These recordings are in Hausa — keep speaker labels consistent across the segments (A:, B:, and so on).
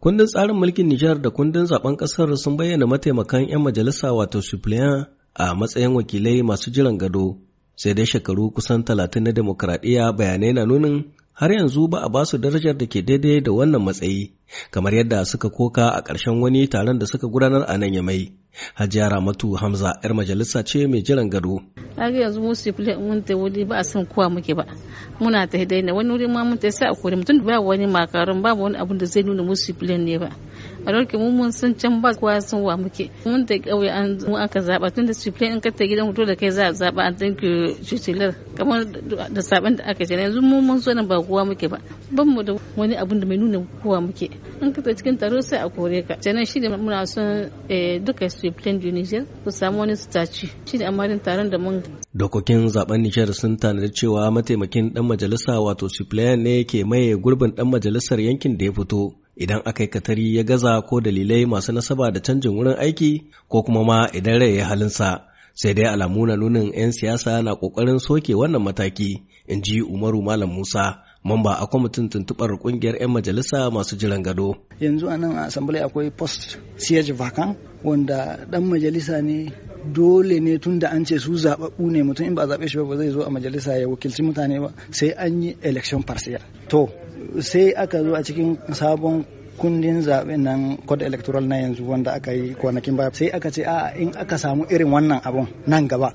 A: Kundin tsarin mulkin Nijar da kundin zaben ƙasar sun bayyana mataimakan 'yan majalisa wato suppliant a matsayin wakilai masu jiran gado, sai dai shekaru kusan talatin na demokradiyya bayanai na nunin har yanzu ba a ba su darajar da ke daidai da wannan matsayi kamar yadda suka koka a ƙarshen wani taron da suka gudanar a nan ya mai hajiya ramatu hamza yar majalisa ce mai jiran gado
B: har yanzu mu sifile mun ta wuri ba a san kowa muke ba muna ta daina wani wuri ma mun ta sa a kore mutum ba wani makarun ba wani abin da zai nuna mu sifile ne ba a dauke mun san can ba kowa sun wa muke mun da kauye an mu aka zaba tun da suple in ka ta gidan hoto da kai za a zaba an danki shutilar kamar da saban da aka jana yanzu mun mun so ba kowa muke ba ban mu da wani abun da mai nuna kowa muke in ka ta cikin taro sai a kore ka jana shi da muna son eh, duka suple Niger ku samu wani staci shi da amarin taron da mun
A: dokokin zaben Niger sun tanada cewa mataimakin dan majalisa wato suple ne ke maye gurbin dan majalisar yankin da ya fito idan aka yi katari ya gaza ko dalilai masu nasaba da canjin wurin aiki ko kuma ma idan rai ya halinsa sai dai alamu na nunin 'yan siyasa na ƙoƙarin soke wannan mataki in ji umaru malam musa mamba a kwamitin tuntubar kungiyar 'yan majalisa masu jiran gado.
C: Yanzu a nan a akwai post siege vacant wanda dan majalisa ne dole ne tun da an ce su zaɓaɓɓu ne mutum in ba zaɓe shi ba zai zo a majalisa ya wakilci mutane ba sai an yi election partial. To sai aka zo a cikin sabon kundin zaɓe nan code electoral na yanzu wanda aka yi kwanakin baya sai aka ce a in aka samu irin wannan abun nan gaba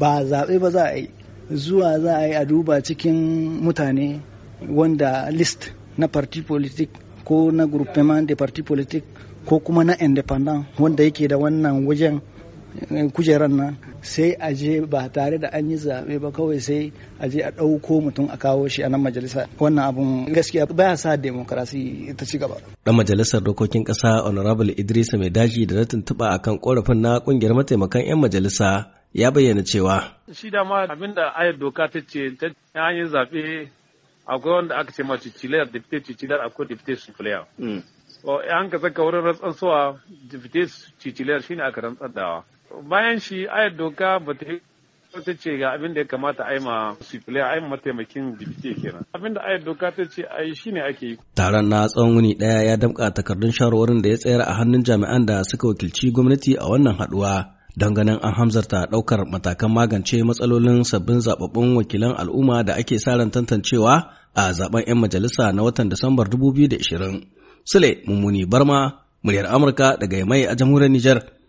C: ba zaɓe ba za a yi zuwa za a yi a duba cikin mutane wanda list na parti politik ko na groupement de parti politik ko kuma na independent wanda yake da wannan wajen eh, kujeran nan sai a je ba tare da an yi zaɓe ba kawai sai a je a ɗauko mutum a kawo shi a nan majalisa wannan abun gaskiya baya sa demokarasi ta ci gaba.
A: Ɗan majalisar dokokin ƙasa Honorable Idris Mai Daji da na tuntuɓa kan ƙorafin na ƙungiyar mataimakan 'yan majalisa ya bayyana cewa.
B: Shi dama abinda da ayar doka ta ce ta yi zaɓe akwai wanda aka ce ma cicilar dipte cicilar akwai dipte sufliya hmm. an ka saka wurin rantsansuwa dipte cicilar shine aka rantsar dawa bayan shi ayar doka ba ta ta ce ga abin da ya kamata ayi ma sifile a yi mataimakin kenan abin da ayar doka ta ce ai shine ake yi.
A: taron na tsawon wuni daya ya damƙa takardun shawarwarin da ya tsayar a hannun jami'an da suka wakilci gwamnati a wannan haɗuwa don ganin an hamzarta ɗaukar matakan magance matsalolin sabbin zababbun wakilan al'umma da ake sa ran tantancewa a zaben 'yan majalisa na watan Disambar 2020. Sule Mummuni Barma, muryar Amurka daga Yamai a jamhuriyar Nijar.